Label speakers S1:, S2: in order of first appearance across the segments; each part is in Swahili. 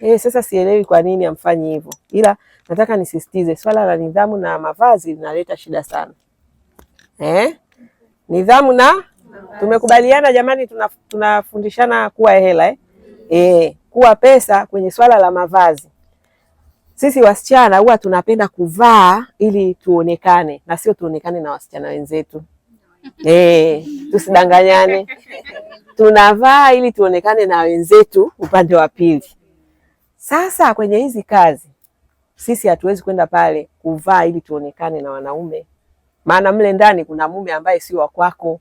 S1: Eh, sasa sielewi kwa nini amfanyi hivyo, ila nataka nisisitize swala la nidhamu na mavazi linaleta shida sana eh? Nidhamu na tumekubaliana jamani, tunafundishana kuwa hela eh? Eh, kuwa pesa kwenye swala la mavazi sisi wasichana huwa tunapenda kuvaa ili tuonekane na sio tuonekane na wasichana wenzetu eh, tusidanganyane. Tunavaa ili tuonekane na wenzetu upande wa pili sasa kwenye hizi kazi sisi hatuwezi kwenda pale kuvaa ili tuonekane na wanaume, maana mle ndani kuna mume ambaye si wa kwako,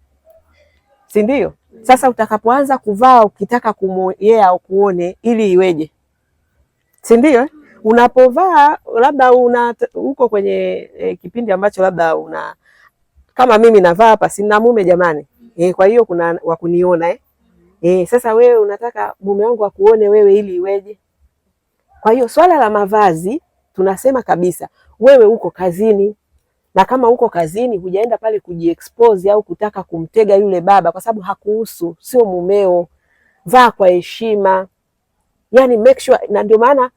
S1: si ndio? Sasa utakapoanza kuvaa ukitaka yeye au kuone ili iweje, si ndio? Unapovaa labda una huko kwenye e, kipindi ambacho labda una kama mimi navaa hapa, sina mume jamani e, kwa hiyo kuna wakuniona eh? E, sasa wewe unataka mume wangu akuone wewe ili iweje? Kwa hiyo swala la mavazi tunasema kabisa, wewe uko kazini, na kama uko kazini hujaenda pale kujiexpose au kutaka kumtega yule baba, kwa sababu hakuhusu, sio mumeo. Vaa kwa heshima, yani make sure. Na ndio maana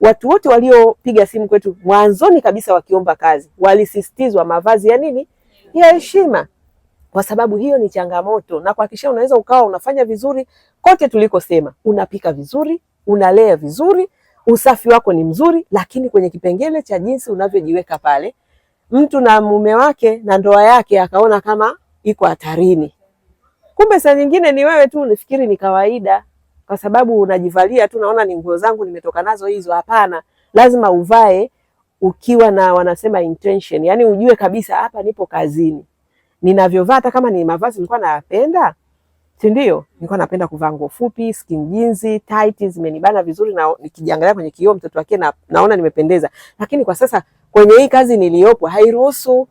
S1: watu wote waliopiga simu kwetu mwanzoni kabisa wakiomba kazi walisisitizwa mavazi ya nini, ya heshima, kwa sababu hiyo ni changamoto. Na kuhakikisha unaweza ukawa unafanya vizuri kote tulikosema, unapika vizuri, unalea vizuri usafi wako ni mzuri, lakini kwenye kipengele cha jinsi unavyojiweka pale, mtu na mume wake na ndoa yake akaona kama iko hatarini. Kumbe saa nyingine ni wewe tu unafikiri ni kawaida, kwa sababu unajivalia tu, naona ni nguo zangu nimetoka nazo hizo. Hapana, lazima uvae ukiwa na wanasema intention, yani ujue kabisa hapa nipo kazini, ninavyovaa hata kama ni mavazi nilikuwa nayapenda si ndio? Nilikuwa napenda kuvaa nguo fupi, skin jeans, tight zimenibana vizuri, na nikijiangalia kwenye kioo mtoto wake na, naona nimependeza, lakini kwa sasa kwenye hii kazi niliyopo hairuhusu.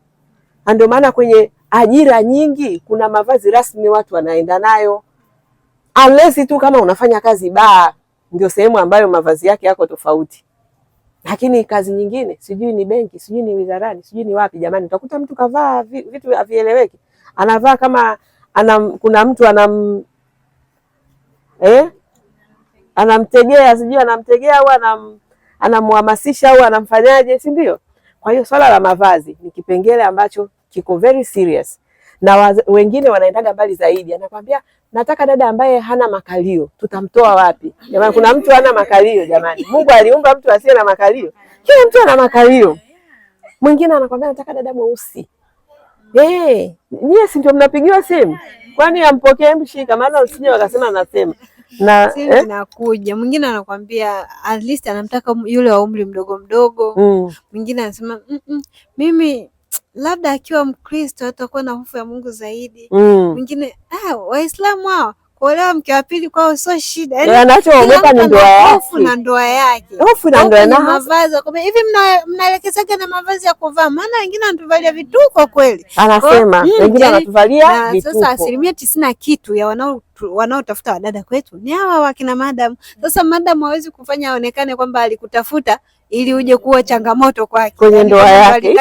S1: Na Ndio maana kwenye ajira nyingi kuna mavazi rasmi watu wanaenda nayo, unless tu kama unafanya kazi baa, ndio sehemu ambayo mavazi yake yako tofauti, lakini kazi nyingine sijui ni benki, sijui ni wizarani, sijui ni wapi, jamani, utakuta mtu kavaa vitu havieleweki, anavaa kama anam, kuna mtu anam eh? anamtegea sijui anamtegea au anam, anamhamasisha au anamfanyaje, si ndio? Kwa hiyo swala la mavazi ni kipengele ambacho kiko very serious na waz, wengine wanaendaga mbali zaidi, anakwambia nataka dada ambaye hana makalio. Tutamtoa wapi jamani? Kuna mtu hana makalio jamani? Mungu aliumba mtu asiye na makalio? Kila mtu ana makalio. Mwingine anakwambia nataka dada mweusi Eh, nyie si ndio mnapigiwa simu? Kwani ampokee mshika, maana usije wakasema anasema
S2: na eh? Nakuja mwingine anakuambia at least anamtaka yule wa umri mdogo mdogo, mm. mwingine mm. anasema mm -mm, mimi labda akiwa Mkristo atakuwa na hofu ya Mungu zaidi. Mm. Mwingine mm. ah, Waislamu hao kuolewa mke wa pili kwao sio shida,
S1: yani yaani anachoogopa ni ndoa yake, hofu
S2: na ndoa yake, hofu na ndoa na mavazi. Kwa hivi mnaelekezaga na mavazi ya kuvaa, maana wengine wanatuvalia vituko kweli,
S1: anasema wengine mm, wanatuvalia eh, vituko. Sasa asilimia
S2: tisini na kitu ya wanao wanaotafuta wadada kwetu ni hawa wakina madam. Sasa madam hawezi kufanya aonekane kwamba alikutafuta ili uje kuwa changamoto kwake
S1: kwenye yaani ndoa yake.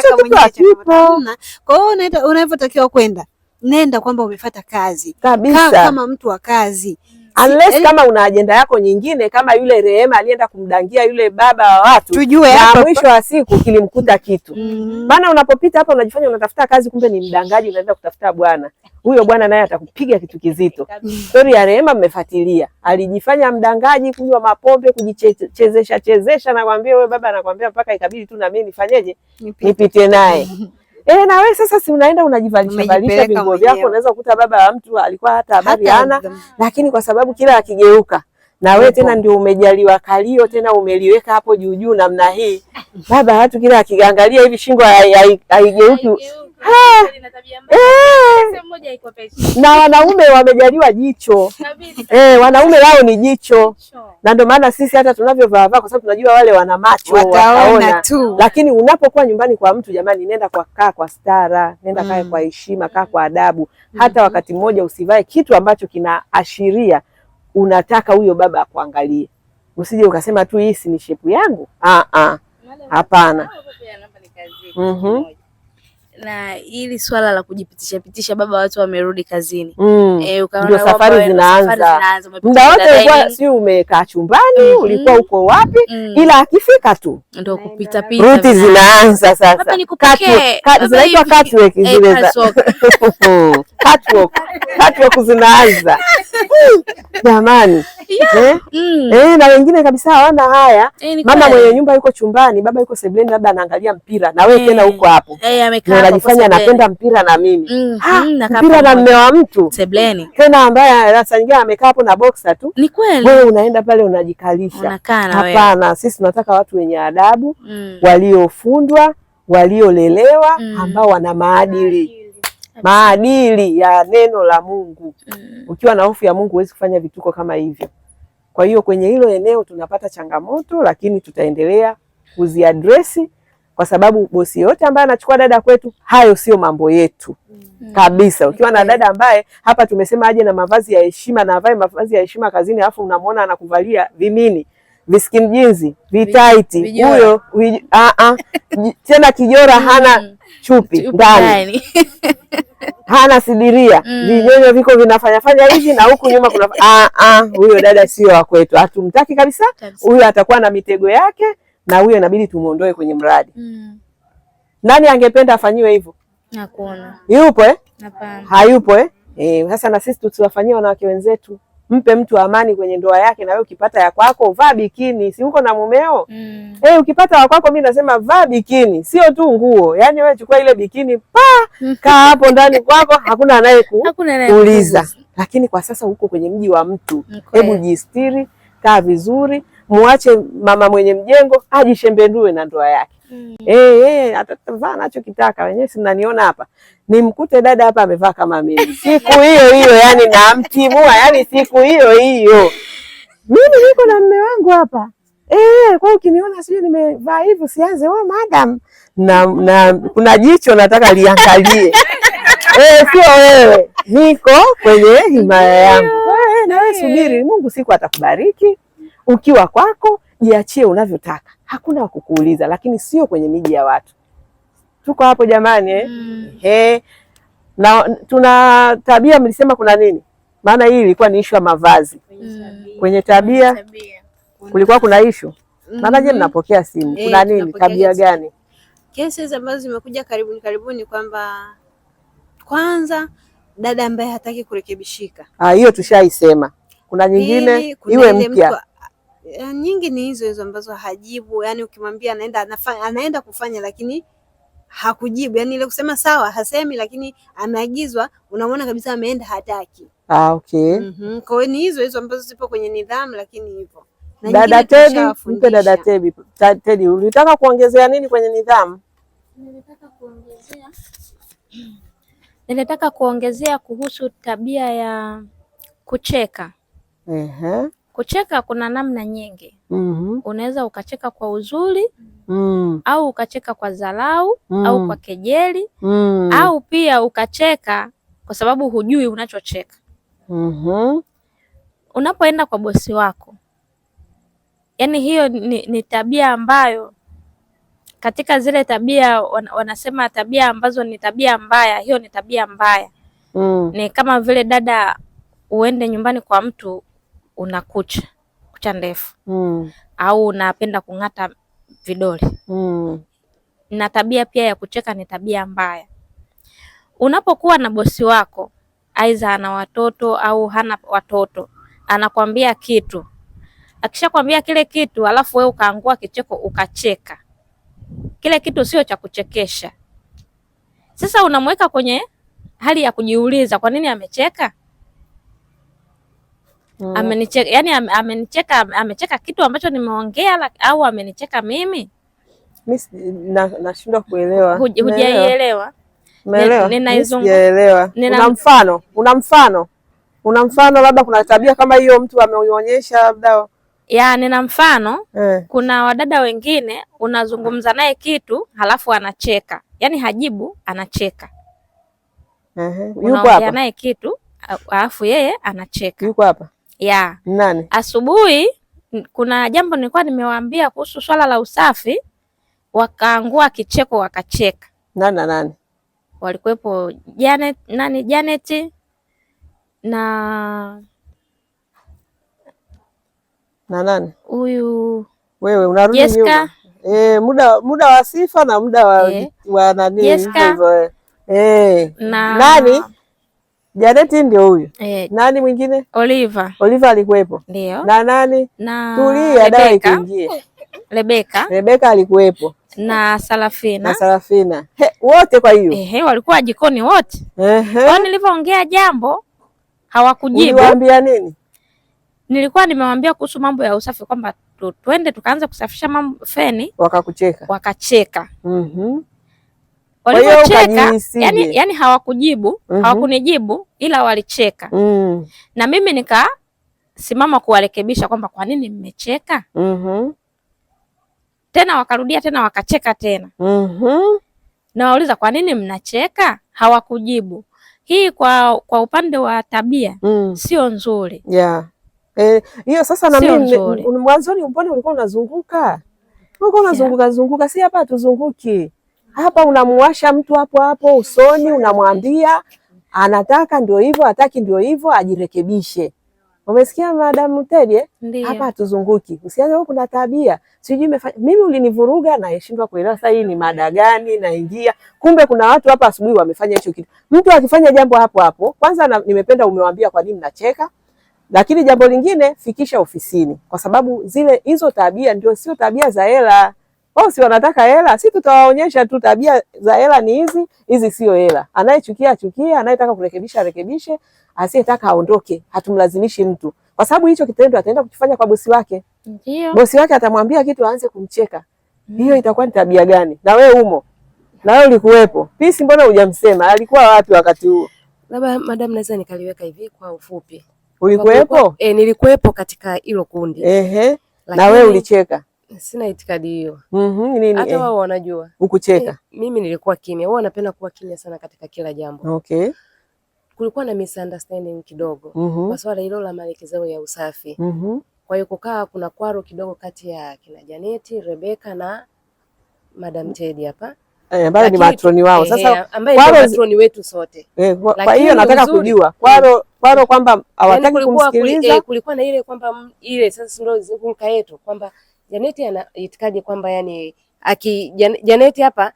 S2: Kwa hiyo unavyotakiwa kwenda nenda kwamba umefata kazi kabisa, kama mtu wa kazi
S1: unless si, eh, kama una ajenda yako nyingine, kama yule Rehema alienda kumdangia yule baba wa watu,
S2: tujue na
S1: mwisho wa siku kilimkuta kitu mm-hmm. maana. mm -hmm. Unapopita hapa unajifanya unatafuta kazi, kumbe ni mdangaji, unaenda kutafuta bwana. Huyo bwana naye atakupiga kitu kizito. Stori ya Rehema mmefuatilia, alijifanya mdangaji, kunywa mapombe, kujichezesha chezesha, nakwambia wewe baba, nakwambia mpaka ikabidi tu na mimi nifanyeje, nipite naye E, na wewe sasa si unaenda unajivalisha valisha vingo vyako, unaweza kukuta baba wa mtu alikuwa hata habari hana, lakini kwa sababu kila akigeuka na wewe tena ndio umejaliwa kalio tena umeliweka hapo juu juu namna hii, baba watu kila akiangalia hivi shingo haigeuki
S2: Eh. Yaani eh.
S1: na wanaume wamejaliwa jicho eh, wanaume wao ni jicho, na ndio maana sisi hata tunavyovaa vaa, kwa sababu tunajua wale wana macho
S2: wataona tu,
S1: lakini unapokuwa nyumbani kwa mtu, jamani, nenda kwa kaa kwa stara, nenda kae kwa mm. heshima, kaa kwa adabu mm. hata wakati mmoja usivae kitu ambacho kinaashiria unataka huyo baba akuangalie, usije ukasema tu hii si ni shepu yangu. Hapana, ah, ah. Hapana.
S2: mm na hili swala la kujipitisha pitisha, baba watu wamerudi kazini
S1: mm. E, safari zinaanza muda wote ulikuwa si umekaa chumbani mm -hmm. ulikuwa uko wapi mm. ila akifika tu
S2: ndio kupita pita,
S1: ruti zinaanza sasa, zinaitwa eh, zile catwalk catwalk zinaanza hmm. jamani eh? Mm. Eh, na wengine kabisa hawana haya e, mama mwenye nyumba yuko chumbani, baba yuko sebuleni, labda anaangalia mpira na wewe tena eh. huko hapo unajifanya eh, napenda mpira na mimi mm. Ha, mm, ah, mpira na mmewa mtu sebuleni tena, ambaye saa nyingine amekaa hapo na boxer tu. Ni kweli wewe unaenda pale unajikalisha? Hapana, sisi tunataka watu wenye adabu mm. waliofundwa, waliolelewa mm. ambao wana maadili maadili ya neno la Mungu. Mm. Ukiwa na hofu ya Mungu huwezi kufanya vituko kama hivyo. Kwa hiyo kwenye hilo eneo tunapata changamoto, lakini tutaendelea kuziadresi kwa sababu bosi yote ambaye anachukua dada kwetu, hayo sio mambo yetu mm. kabisa. Ukiwa na dada ambaye hapa tumesema aje na mavazi ya heshima na avae mavazi ya heshima kazini, alafu unamwona anakuvalia vimini viskin vitaiti, huyo ah, ah, tena kijora hana mm. chupi ndani hana sidiria mm. Vinyonyo viko vinafanyafanya hivi na huku nyuma kuna ah, ah, huyo dada sio wa kwetu, hatumtaki kabisa huyo, atakuwa na mitego yake na huyo inabidi tumuondoe kwenye mradi mm. Nani angependa afanyiwe hivyo?
S2: Nakuona yupo eh? Hapana,
S1: hayupo eh? Eh, sasa na sisi tusiwafanyie wanawake wenzetu mpe mtu amani kwenye ndoa yake. Na wewe ukipata ya kwako vaa bikini, si uko na mumeo mm. Hey, eh, ukipata ya kwako mimi nasema vaa bikini, sio tu nguo. Yani wewe chukua ile bikini pa kaa hapo ndani kwako, hakuna
S2: anayekuuliza.
S1: Lakini kwa sasa uko kwenye mji wa mtu, hebu okay. Jistiri, kaa vizuri muache mama mwenye mjengo ajishembendue na ndoa yake. Mm. Eh, eh, atavaa anachokitaka. Wenyewe si mnaniona hapa. Nimkute dada hapa amevaa kama mimi. Siku hiyo hiyo yani namtimua, yani siku hiyo hiyo. Mimi niko na mume wangu hapa. Eh, kwa ukiniona sijui nimevaa hivyo sianze wewe oh, madam. Na, na kuna jicho nataka liangalie. Eh, sio wewe. Niko kwenye himaya yangu. Eh, na wewe subiri, Mungu siku atakubariki ukiwa kwako, jiachie unavyotaka, hakuna wakukuuliza, lakini sio kwenye miji ya watu. Tuko hapo jamani eh? Mm. He, na tuna tabia mlisema kuna nini? Maana hii ilikuwa ni ishu ya mavazi mm. Kwenye tabia, tabia kulikuwa kuna ishu mm. Maana je, mnapokea simu e, kuna nini? Tabia gani?
S2: Kesi ambazo zimekuja karibuni karibuni kwamba kwanza dada ambaye hataki kurekebishika,
S1: ah, hiyo tushaisema. Kuna nyingine Hili, kuna iwe mpya
S2: Eh, nyingi ni hizo hizo ambazo hajibu, yani ukimwambia anaenda anafanya, anaenda kufanya lakini hakujibu, yani ile kusema sawa hasemi, lakini ameagizwa, unamwona kabisa ameenda hataki.
S1: Ah, okay. mm
S2: -hmm. Kwa hiyo ni hizo hizo ambazo zipo kwenye nidhamu, lakini hivyo
S1: Dada Tedi, mpe dada Tedi. Tedi, ulitaka kuongezea nini kwenye nidhamu?
S2: Nilitaka kuongezea, nilitaka kuongezea kuhusu tabia ya kucheka.
S1: uh -huh.
S2: Kucheka kuna namna nyingi. mm -hmm. Unaweza ukacheka kwa uzuri mm. au ukacheka kwa dharau mm. au kwa kejeli mm. au pia ukacheka kwa sababu hujui unachocheka.
S1: mm -hmm.
S2: Unapoenda kwa bosi wako, yaani hiyo ni, ni tabia ambayo katika zile tabia wan, wanasema tabia ambazo ni tabia mbaya, hiyo ni tabia mbaya mm. Ni kama vile dada uende nyumbani kwa mtu una kucha kucha ndefu mm. au unapenda kung'ata vidole mm. na tabia pia ya kucheka ni tabia mbaya. Unapokuwa na bosi wako aidha ana watoto au hana watoto, anakwambia kitu, akishakwambia kile kitu alafu wewe ukaangua kicheko ukacheka, kile kitu sio cha kuchekesha. Sasa unamweka kwenye hali ya kujiuliza, kwa nini amecheka? mm. amenicheka yani, amenicheka amecheka kitu ambacho nimeongea au amenicheka mimi
S1: nashindwa na kuelewa.
S2: Hujaielewa? Nina
S1: Una mfano, una mfano, una mfano, labda kuna tabia kama hiyo mtu ameonyesha labda
S2: ya nina mfano eh. Kuna wadada wengine unazungumza naye kitu halafu anacheka, yaani hajibu, anacheka
S1: uh -huh.
S2: hapa naye kitu alafu yeye anacheka. Yuko hapa ya nani? Asubuhi kuna jambo nilikuwa nimewaambia kuhusu swala la usafi, wakaangua kicheko, wakacheka. Nani na nani walikuwepo? Janet, nani Janet na na nani huyu,
S1: wewe unarudi Jessica e, muda muda wa sifa na muda wa, e, wa nani
S2: Jessica, eh.
S1: eh. na nani Janeti ndio huyu e. Nani mwingine?
S2: Oliva.
S1: Oliva alikuwepo ndio. Na nani? Na Tulia dawa ikiingie. Rebeka. Rebeka alikuwepo
S2: na Sarafina.
S1: Na Sarafina. He, wote kwa hiyo
S2: eh, walikuwa jikoni wote kwa nilivyoongea jambo hawakujibu.
S1: Uliwaambia nini?
S2: Nilikuwa nimewaambia kuhusu mambo ya usafi kwamba tuende tukaanza kusafisha mambo feni,
S1: wakakucheka
S2: wakacheka. mm -hmm walivyocheka yani, yani hawakujibu mm -hmm. hawakunijibu ila walicheka mm. na mimi nikasimama kuwarekebisha kwamba kwa nini mmecheka mm -hmm. tena wakarudia tena wakacheka tena
S1: mm -hmm.
S2: nawauliza kwa nini mnacheka hawakujibu hii kwa, kwa upande wa tabia mm. sio nzuri
S1: yeah. Eh, hiyo sasa na mimi mwanzoni, mbona ulikuwa unazunguka, ulikuwa unazunguka yeah. zunguka, si hapa tuzunguki hapa unamwasha mtu hapo hapo usoni, unamwambia anataka ndio hivyo, hataki ndio hivyo, ajirekebishe. Umesikia madam Teddy? Eh? Hapa hatuzunguki, usianze huko, kuna tabia sijui imefanya mimi, ulinivuruga na heshima kuelewa, sasa hii ni mada gani naingia. Kumbe kuna watu hapa asubuhi wamefanya hicho kitu. Mtu akifanya jambo hapo hapo, kwanza na, nimependa umewambia kwa nini nacheka, lakini jambo lingine fikisha ofisini, kwa sababu zile hizo tabia ndio sio tabia za hela wao si wanataka hela, si tutawaonyesha tu tabia za hela ni hizi hizi, sio hela. Anayechukia achukie, anayetaka kurekebisha arekebishe, asiyetaka aondoke. Hatumlazimishi mtu, kwa sababu hicho kitendo ataenda kukifanya kwa bosi wake. Ndio. bosi wake atamwambia kitu aanze kumcheka, mm. hiyo itakuwa ni tabia gani? Na wewe umo na wewe ulikuwepo. Pisi, mbona hujamsema? Alikuwa wapi wakati huo?
S2: Labda madam, naweza nikaliweka hivi kwa ufupi.
S1: Ulikuwepo?
S2: Eh, nilikuwepo katika hilo kundi.
S1: Ehe. Lakini... na wewe ulicheka
S2: Sina itikadi hiyo. Mhm, mm nini? Hata wao wanajua. Ukucheka. Mimi nilikuwa kimya. Wao wanapenda kuwa kimya sana katika kila jambo. Okay. Kulikuwa na misunderstanding kidogo mm -hmm. kwa swala hilo la maelekezo ya usafi Mhm. mm Kwa hiyo kukaa kuna kwaro kidogo kati ya kina Janeti, Rebecca na Madam Teddy hapa
S1: Eh, ambaye ni matroni wao. Eh, sasa
S2: ambaye ni matroni wetu sote.
S1: Eh, Kwa hiyo nataka kujua kwaro kwaro kwamba hawataki yaani kumsikiliza. Eh,
S2: kulikuwa na ile kwamba ile sasa ndio ruka yetu kwamba Janeti anaitikaje kwamba yani aki Jan, Janeti hapa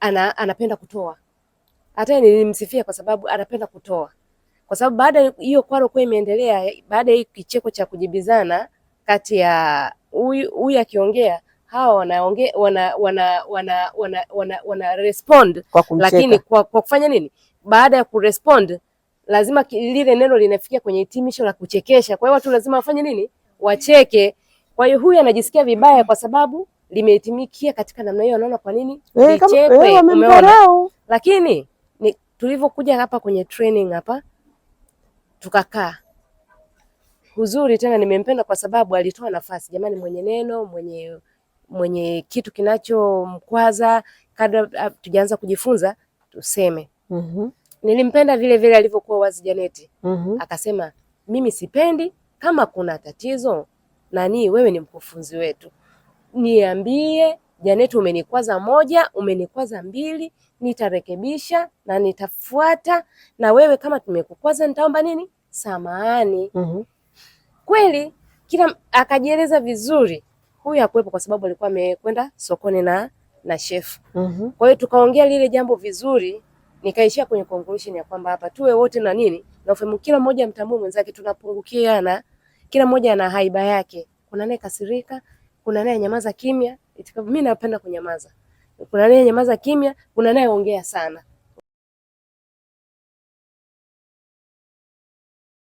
S2: ana, anapenda kutoa. Hata nilimsifia kwa sababu anapenda kutoa, kwa sababu baada hiyo kwaro kwa imeendelea, baada ya kicheko cha kujibizana kati ya huyu akiongea hawa wanaongea wana wana wana wana, wana, wana respond kwa lakini kwa, kwa kufanya nini? Baada ya kurespond lazima lile neno linafikia kwenye hitimisho la kuchekesha. Kwa hiyo watu lazima wafanye nini? Wacheke. Kwa hiyo huyu anajisikia vibaya kwa sababu limetimikia katika namna hiyo, anaona kwa nini
S1: eh, eh, umeona.
S2: Lakini tulivyokuja hapa kwenye training hapa tukakaa uzuri tena, nimempenda kwa sababu alitoa nafasi. Jamani, mwenye neno mwenye mwenye kitu kinachomkwaza kabla tujaanza kujifunza tuseme. mm -hmm. Nilimpenda vile vile alivyokuwa wazi Janeti. mm -hmm. Akasema mimi sipendi, kama kuna tatizo nani, wewe ni mkufunzi wetu, niambie Janeti, umenikwaza moja, umenikwaza mbili, nitarekebisha na nitafuata, na wewe kama tumekukwaza nitaomba nini, samahani. mm -hmm. Kweli kila akajieleza vizuri. Huyu hakuwepo kwa sababu alikuwa amekwenda sokoni na na shefu. mm -hmm. Kwa hiyo tukaongea lile jambo vizuri, nikaishia kwenye conclusion ya kwamba hapa tuwe wote na nini na ufahamu, kila mmoja mtambue mwenzake, tunapungukiana kila mmoja ana haiba yake. Kuna naye kasirika, kuna naye nyamaza kimya. Mimi napenda kunyamaza. Kuna naye nyamaza kimya, kuna naye ongea sana.